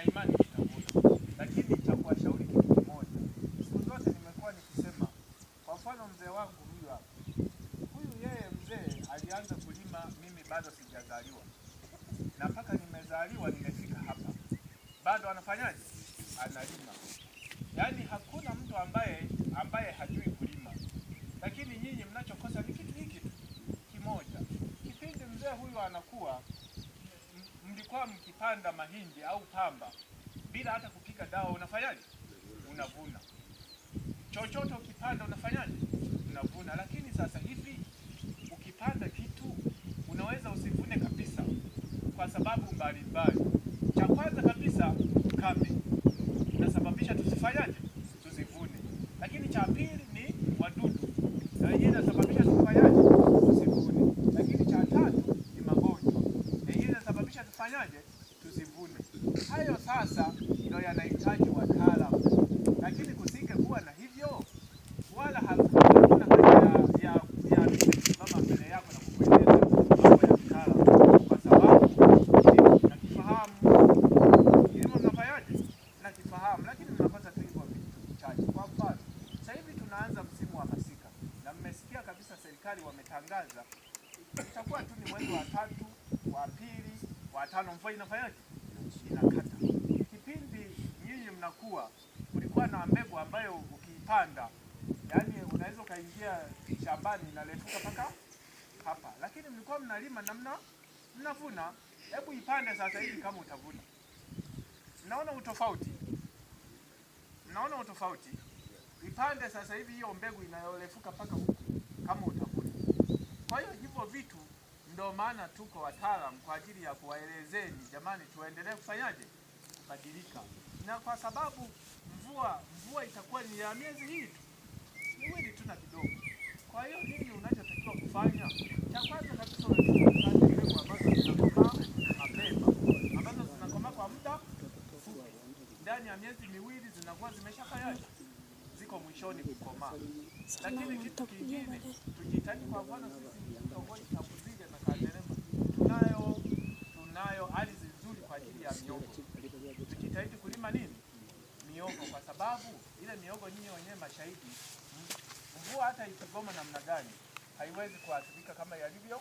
nina imani nitavuta, lakini nitakuwashauri kitu kimoja. Siku zote nimekuwa nikisema, kwa mfano mzee wangu huyu hapa, huyu yeye mzee alianza kulima, mimi bado sijazaliwa, na mpaka nimezaliwa nimefika hapa, bado anafanyaje? Analima. Yaani hakuna mtu ambaye ambaye hajui kulima, lakini nyinyi mnachokosa ni kitu hiki kimoja. Kipindi mzee huyu anakuwa mlikuwa mkipanda mahindi au pamba bila hata kupiga dawa unafanyaje? Unavuna chochote ukipanda, unafanyaje? Unavuna. Lakini sasa hivi ukipanda kitu unaweza usivune kabisa kwa sababu mbalimbali. Cha kwanza kabisa, kame inasababisha tusifanyaje ngapi? Mwezi wa tatu, wa pili, wa tano, mvua inafanyaje? Inakata. Kipindi nyinyi mnakuwa, kulikuwa na mbegu ambayo ukiipanda, yani unaweza ukaingia shambani inalefuka mpaka hapa, lakini mlikuwa mnalima namna mnavuna. Hebu ipande sasa hivi kama utavuna. Mnaona utofauti? Mnaona utofauti? Ipande sasa hivi hiyo mbegu inayolefuka mpaka huku kama utavuna. Kwa hiyo hivyo vitu ndio maana tuko wataalam kwa ajili ya kuwaelezeni, jamani, tuendelee kufanyaje kubadilika, na kwa sababu mvua mvua itakuwa ni ya miezi hii tu miwili tuna kidogo. Kwa hiyo nini unachotakiwa kufanya, cha kwanza kabisa miezi miwili zinakuwa zimeshafanyaje, ziko mwishoni kukomaa. Lakini kitu kingine tujitahidi, kwa mfano sababu ile miogo, nyinyi wenyewe mashahidi, mvua hata ikigoma namna gani haiwezi kuathirika kama yalivyo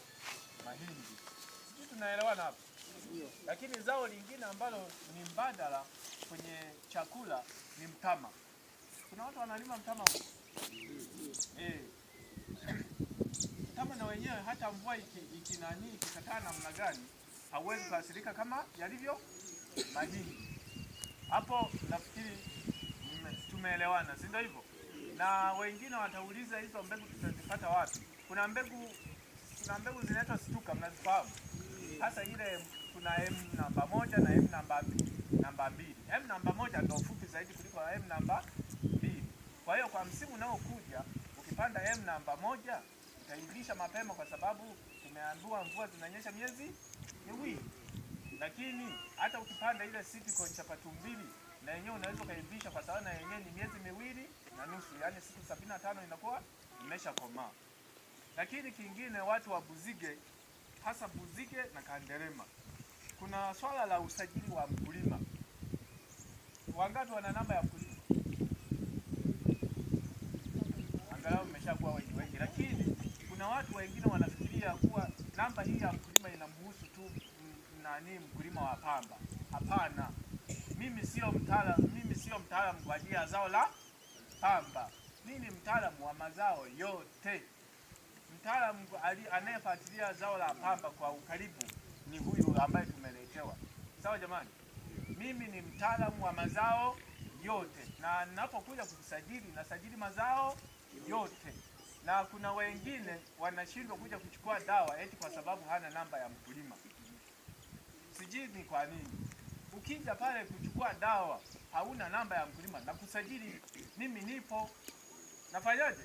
mahindi. Sijui tunaelewana hapo, Lakini zao lingine ambalo ni mbadala kwenye chakula ni mtama. Kuna watu wanalima mtama eh, mtama na wenyewe hata mvua ikinani iki ikikataa namna gani hauwezi kuathirika kama yalivyo mahindi. Hapo nafikiri tumeelewana, si ndio hivyo? Na wengine watauliza hizo mbegu tutazipata wapi? Kuna mbegu kuna mbegu zinaitwa stuka, mnazifahamu hasa ile. Kuna M namba moja na M namba namba mbili. M namba moja ndio fupi zaidi kuliko M namba mbili. Kwa hiyo kwa msimu unaokuja ukipanda M namba moja utailisha mapema, kwa sababu tumeambiwa mvua zinanyesha miezi miwili, lakini hata ukipanda ile Seedcorn chapatu mbili na yenyewe unaweza ukaivisha kwa sababu na yenyewe ni miezi miwili na nusu, yaani siku sabini na tano inakuwa imeshakomaa. Lakini kingine watu wa Buzige, hasa Buzige na Kanderema, kuna swala la usajili wa mkulima. Wangapi wana namba ya mkulima? Angalau mmeshakuwa wengi wengi, lakini kuna watu wengine wanafikiria kuwa namba hii ya mkulima inamhusu tu nani, mkulima wa pamba. Hapana sio mtaalamu, mimi sio mtaalamu kwa ajili ya zao la pamba. Mimi ni mtaalamu wa mazao yote. Mtaalamu anayefuatilia zao la pamba kwa ukaribu ni huyu ambaye tumeletewa. Sawa jamani, mimi ni mtaalamu wa mazao yote, na ninapokuja kusajili nasajili mazao yote, na kuna wengine wanashindwa kuja kuchukua dawa eti kwa sababu hana namba ya mkulima. Sijui ni kwa nini ukija pale kuchukua dawa hauna namba ya mkulima na kusajili, mimi nipo nafanyaje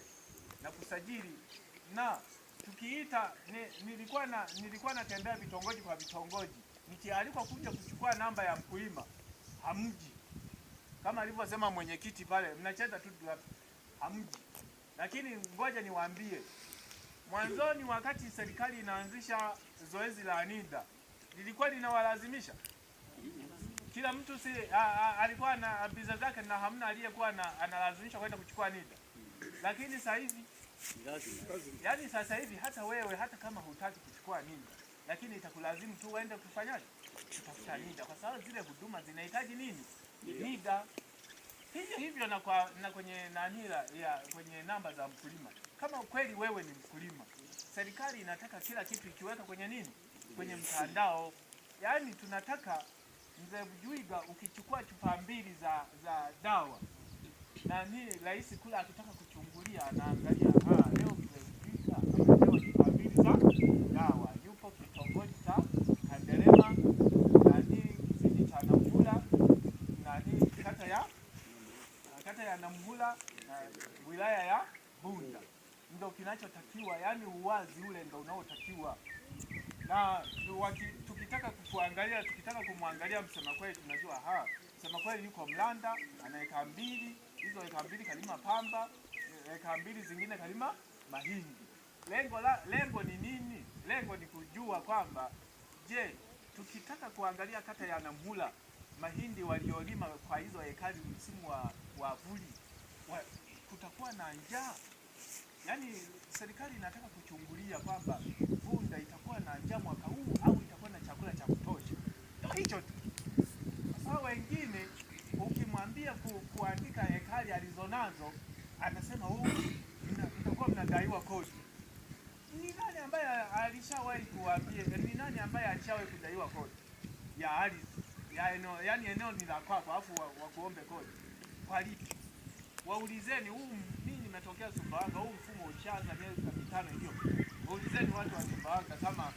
na kusajili na tukiita ni, nilikuwa na nilikuwa natembea vitongoji kwa vitongoji nikialikwa kuja kuchukua namba ya mkulima hamji, kama alivyosema mwenyekiti pale, mnacheza tu hamji. Lakini ngoja niwaambie, mwanzoni wakati serikali inaanzisha zoezi la NIDA lilikuwa linawalazimisha kila mtu si alikuwa na biza zake na hamna aliyekuwa analazimishwa kwenda kuchukua NIDA, lakini sasa hivi yaani, sasa hivi hata wewe hata kama hutaki kuchukua NIDA, lakini itakulazimu tu uende kufanyaje, kutafuta NIDA kwa sababu zile huduma zinahitaji nini? NIDA. Hivyo hivyo na, kwa, na kwenye nani ya kwenye namba za mkulima, kama kweli wewe ni mkulima, serikali inataka kila kitu ikiweka kwenye nini, kwenye mtandao, yaani tunataka Mzee Bujuiga, ukichukua chupa mbili za za dawa nani rais kula akitaka kuchungulia anaangalia, ah, leo mzee Bujuiga amepewa chupa mbili za dawa, yupo kitongoji cha Kanderema nani kijiji cha Namhula nani kata ya kata ya Namhula na wilaya ya Bunda. Ndio kinachotakiwa, yani uwazi ule ndio unaotakiwa na waki tukitaka kukuangalia, tukitaka kumwangalia msema kweli, tunajua ha, msema kweli yuko Mlanda, ana eka mbili, hizo eka mbili kalima pamba, eka mbili zingine kalima mahindi. Lengo la, lengo ni nini? Lengo ni kujua kwamba je, tukitaka kuangalia kata ya Namhula mahindi waliolima kwa hizo ekari msimu wa, wa vuli wa, kutakuwa na njaa. Yaani serikali inataka kuchungulia kwamba Vunda itakuwa na njaa mwaka huu au chakula cha kutosha, hicho tu. Sasa wengine ukimwambia ku, kuandika hekari alizonazo atasema huu oh, mtakuwa mnadaiwa kodi. Ni nani ambaye alishawahi kuambia? Ni nani ambaye alishawahi kudaiwa kodi ya ardhi ya eneo, yani eneo ni la kwako afu wakuombe wa kodi kwa lipi? Waulizeni huu mimi nimetokea Sumbawanga, huu mfumo ushaanza miezi mitano hiyo. Waulizeni watu wa Sumbawanga kama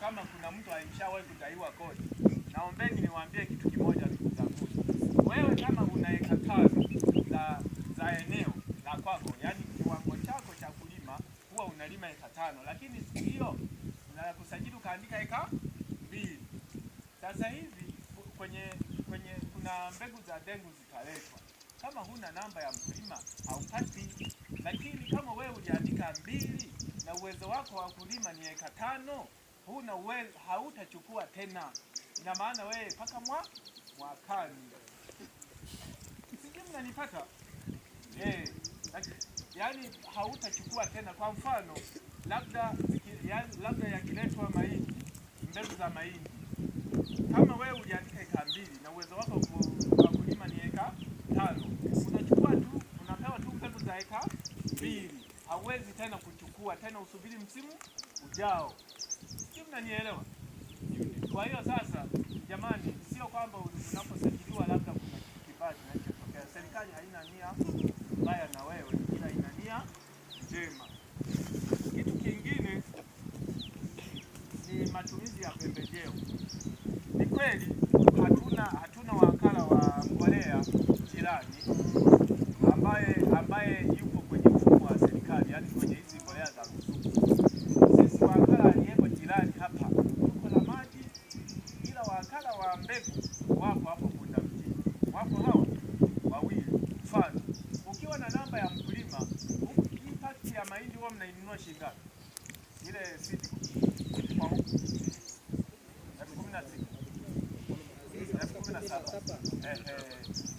kama kuna mtu alishawahi kudaiwa kodi, naombeni niwaambie kitu kimoja, ndugu zangu. Wewe kama una eka tano za, za eneo la kwako, yani kiwango chako cha kulima huwa unalima eka tano, lakini siku hiyo unakusajili ukaandika eka mbili. Sasa hivi kwenye kwenye kuna mbegu za dengu zitaletwa, kama huna namba ya mkulima haupati, lakini kama wewe uliandika mbili na uwezo wako wa kulima ni eka tano huna uwezo, hautachukua tena. Ina maana wewe mpaka mwa mwakani, sijui mnanipata eh? Yani hautachukua tena. Kwa mfano labda yaani labda yakiletwa mahindi, mbegu za mahindi, kama wewe uliandika eka mbili na uwezo wako wa kulima ni eka tano, unachukua tu, unapewa tu mbegu za eka mbili, hauwezi tena kuchukua tena, usubiri msimu ujao. Sijui mnanielewa. Kwa hiyo sasa, jamani, sio kwamba unaposajiliwa labda Eh, eh.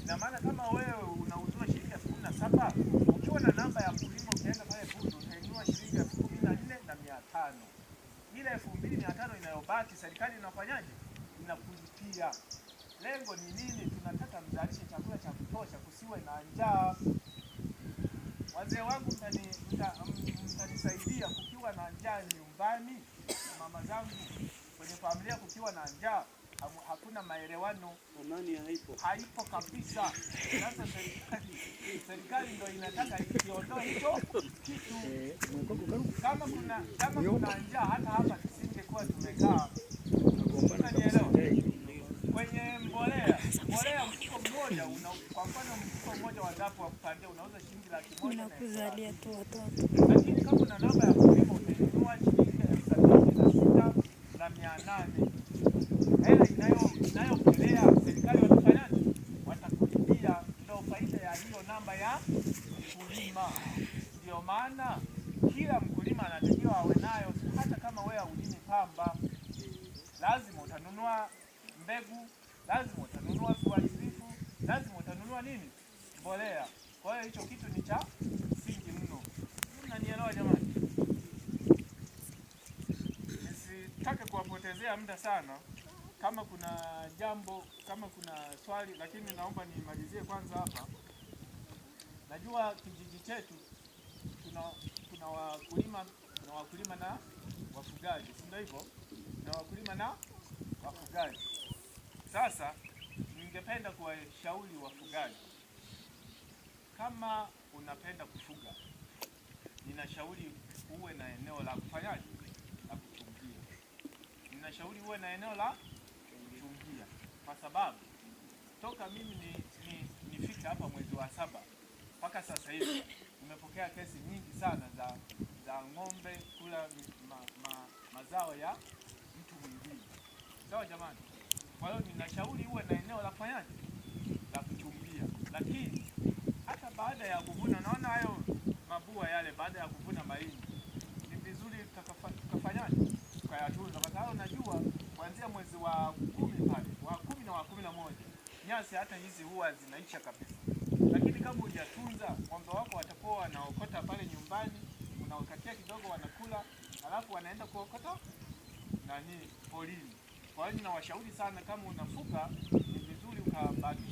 Ina maana kama wewe unauziwa shilingi elfu kumi na saba ukiwa na namba ya mkulima ukienda pale Bundo utainua shilingi elfu kumi na nne na mia tano ile elfu mbili mia tano inayobaki serikali inafanyaje? Inakulipia. Lengo ni nini? Tunataka mzalishe chakula cha kutosha, kusiwe na njaa. Wazee wangu, mtanisaidia kukiwa na njaa nyumbani, na mama zangu kwenye familia kukiwa na njaa hakuna maelewano, amani haipo, haipo kabisa. Sasa serikali serikali ndio inataka ikiondoe hicho kitu. Kama kuna kama kuna njaa, hata hapa tusingekuwa tumekaa, unanielewa? Kwenye mbolea mbolea, mfuko mmoja una, kwa mfano mfuko mmoja wa dapu wa kupandia unauza shilingi laki moja na kuzalia tu watoto, lakini kama una namba ya kulipa utanunua shilingi elfu sabini na sita na mia nane hela inayopotelea serikali watafanya nini? Watakulipia ndio faida ya hiyo namba ya mkulima. Ndio maana kila mkulima anatakiwa awe nayo, hata kama wewe hulimi pamba, lazima utanunua mbegu, lazima utanunua viuatilifu, lazima utanunua nini, mbolea. Kwa hiyo hicho kitu ni cha msingi mno. Mnanielewa jamani? Nisitake kuwapotezea muda sana kama kuna jambo, kama kuna swali, lakini naomba nimalizie kwanza hapa. Najua kijiji chetu tuna, kuna wakulima tuna wakulima na wafugaji, si ndio hivyo? Na wakulima na wafugaji. Sasa ningependa kuwashauri wafugaji, kama unapenda kufuga, ninashauri uwe na eneo la kufanyaje, la kuchungia. Ninashauri uwe na eneo la kwa sababu toka mimi ni, ni, ni hapa mwezi wa saba mpaka sasa hivi nimepokea kesi nyingi sana za, za ng'ombe kula ma, ma, mazao ya mtu mwingine. Sawa jamani, kwa hiyo ninashauri uwe na eneo la fanyaje la kuchumbia, lakini hata baada ya kuvuna, naona hayo mabua yale, baada ya kuvuna mahindi ni vizuri tukafanyaje tukayatunza, kwa sababu najua kuanzia mwezi wa kumi pale wa kumi na wa kumi na moja nyasi hata hizi huwa zinaisha kabisa, lakini kama hujatunza ng'ombe wako watakuwa wanaokota pale nyumbani, unawakatia kidogo wanakula, alafu wanaenda kuokota nani polini Kwa hiyo ninawashauri sana, kama unafuga ni vizuri ukabaki